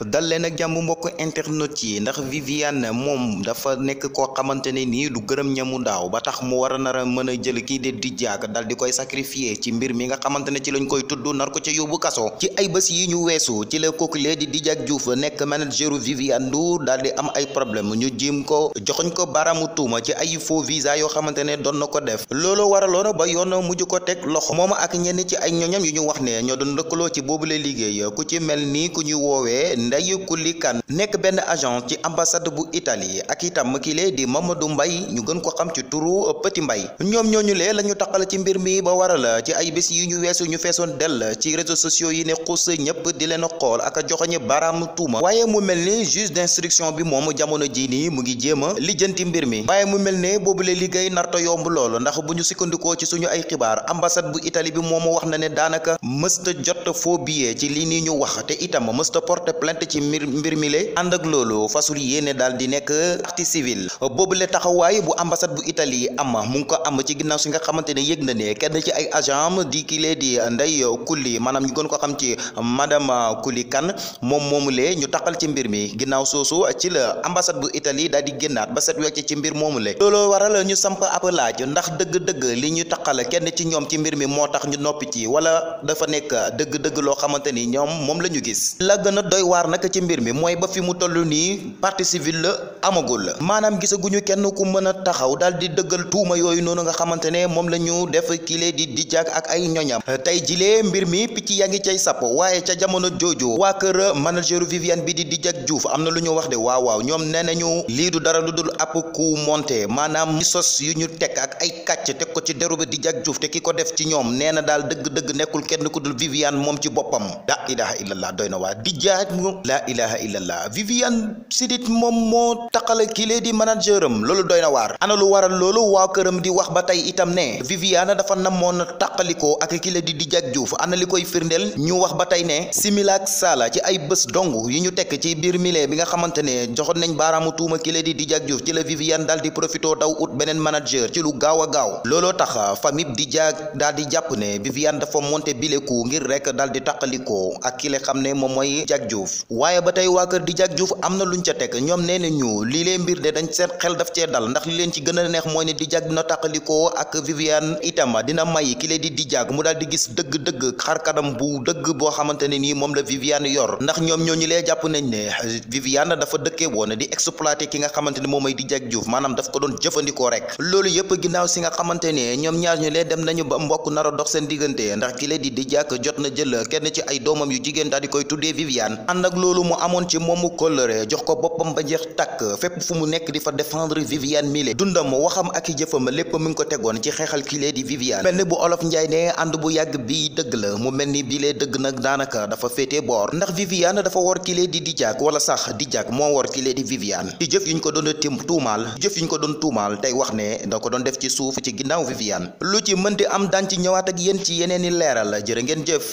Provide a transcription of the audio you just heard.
dal leen ak jàmm mbokk internet yi ndax Viviane moom dafa nekk koo xamante ne nii du gërëm ñamu daaw ba tax mu war a nar a mën a jël kii de di jaag dal di koy sacrifier ci mbir mi nga xamante ne ci lañ koy tudd nar ko ci yóbbu kaso ci ay bés yi ñu weesu ci la kooku lee di di jaag Diouf nekk manageru Viviane Ndour daal di am ay problème ñu jéem ko joxoñ ko baaraamu tuuma ci ay faux visa yoo xamante ne doon na ko def looloo waraloon ba yoon mujj ko teg loxo moom ak ñenn ci ay ñoñam yu ñu wax ne ñoo doon lëkkaloo ci boobu la liggéey ku ci ni ku ñuy Ndeye Kouli Kane nekk benn agent ci ambassade bu Italie ak itam kile di Mamadou mbay ñu gën ko xam ci turu Petit mbay ñoom ñooñu lee la ñu taqal ci mbir mi ba waral ci ay bés yi ñu weesu ñu feesoon dell ci réseaux sociaux yi ne xuus ñëpp di leen xool ak joxoñe baaraam tuuma waaye mu mel ni juge d'instruction bi moomu jamono jii nii mu ngi jéem a lijjanti mbir mi waaye mu mel ne boobu boobule liggéey narta yomb lool ndax bu ñu sukkandikoo ci suñu ay xibaar ambassade bu Italie bi moom wax na ne daanaka mësta jot faux billet ci lii nii ñu wax itam jant ci mbir mbir mile ànd ak loolu fasul yéene daal di nekk partie civile boobule taxawaay bu ambassade bu Italie am mu ngi ko am ci ginnaaw si nga xamante ne yëg na ne kenn ci ay agent di kile di Ndeye Coly maanaam ñu gën ko xam ci madame Coly Kane moom moomule ñu taqal ci mbir mi ginnaaw soosu ci la ambassade bu Italie daal di génnaat ba set wecc ci mbir moomu moomule looloo waral ñu samp ab laaj ndax dëgg-dëgg li ñu taqal kenn ci ñoom ci mbir mi moo tax ñu noppi ci wala dafa nekk dëgg-dëgg loo xamante ni ñoom moom la ñu gis la gën a doy waar nag ci mbir mi mooy ba fi mu toll nii partie civile la amagul la maanaam gisaguñu kenn ku mën a taxaw daal di dëggal tuuma yooyu noonu nga xamante ne moom la ñu def kile di di jaag ak ay ñoñam tey jilee mbir mi picc yaa ngi cay sapp waaye ca jamono jooju waa kër manageru Viviane bi di di jag Diouf am na lu ñu wax de waaw waaw ñoom nee nañu lii du dara lu dul ab ku monté maanaam sos yu ñu teg ak ay kàcc teg ko ci deru bi di jag juuf te ki ko def ci ñoom nee na daal dëgg-dëgg nekkul kenn ku dul Viviane moom ci boppam la ilaha illallah doy na waa di jaaj mu la ilaha illallah Viviane Chidid moom moo taqale kii lee di manager am loolu doy na waar ana lu waral loolu waa këram di wax ba tey itam ne Viviane dafa namoon taqalikoo ak kii lee di di jag juuf ana li koy firndeel ñu wax ba tey ne simila ak saala ci ay bés dong yu ñu tekk ci biir mile bi nga xamante ne joxoon nañ baaraamu tuuma di di jag la Viviane daal di profito daw ut beneen manager ci lu gaaw a looloo tax famille di daal di jàpp ne Viviane dafa monté bileku ngir rek daal di taqalikoo ak ki xam ne moom mooy Diack Diouf waaye ba tey waa kër di Diack Diouf am na luñ ca teg ñoom nee na ñu lii lee mbir de dañ seen xel daf cee dal ndax leen ci gën a neex mooy ne di Diack dina taqalikoo ak Viviane itam dina may ki la di di mu daal di gis dëgg-dëgg xar bu dëgg boo xamante ne nii moom la Viviane yor ndax ñoom ñooñu lee jàpp nañ ne Viviane dafa dëkkee woon di exploité ki nga xamante ne moom mooy di Diack Diouf maanaam daf ko doon jëfandikoo rek loolu yëpp ginnaaw si nga xamante xamante ni ñoom ñaar ñu lee dem nañu ba mbokk nar dox seen diggante ndax ki di di jàkk jot na jël kenn ci ay doomam yu jigéen daal di koy tuddee Viviane ànd ak loolu mu amoon ci moomu kóllëre jox fu mu nekk di fa défendre Viviane mile dundam waxam ak i jëfam lépp mi ngi ko tegoon ci xeexal ki lee di Viviane mel ni bu olof njaay ne ànd bu yàgg bii dëgg la mu mel ni bilee dëgg nag daanaka dafa féete boor ndax Viviane dafa war ki lee di di jàkk wala sax di jàkk moo war ki di Viviane ci jëf yuñ ko doon tuumaal jëf yuñ ko ko doon def Viviane lu ci mënti am daan ci ñëwaat ak ci yeneen i leeral jërë ngeen jëf